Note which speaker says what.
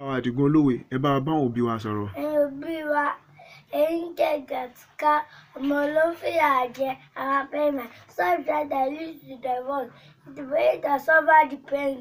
Speaker 1: Bàbá wa Àdìgún Olówe, ẹ bá wa báwọn òbí wa sọ̀rọ̀.
Speaker 2: Ẹ̀yin òbí wa, ẹ̀yin jẹ́ gàtúkà, ọmọ ló ń fìyà jẹ, ara pẹ́ẹ́mà, stop that I lose to the world,
Speaker 3: it is better to suffer pain.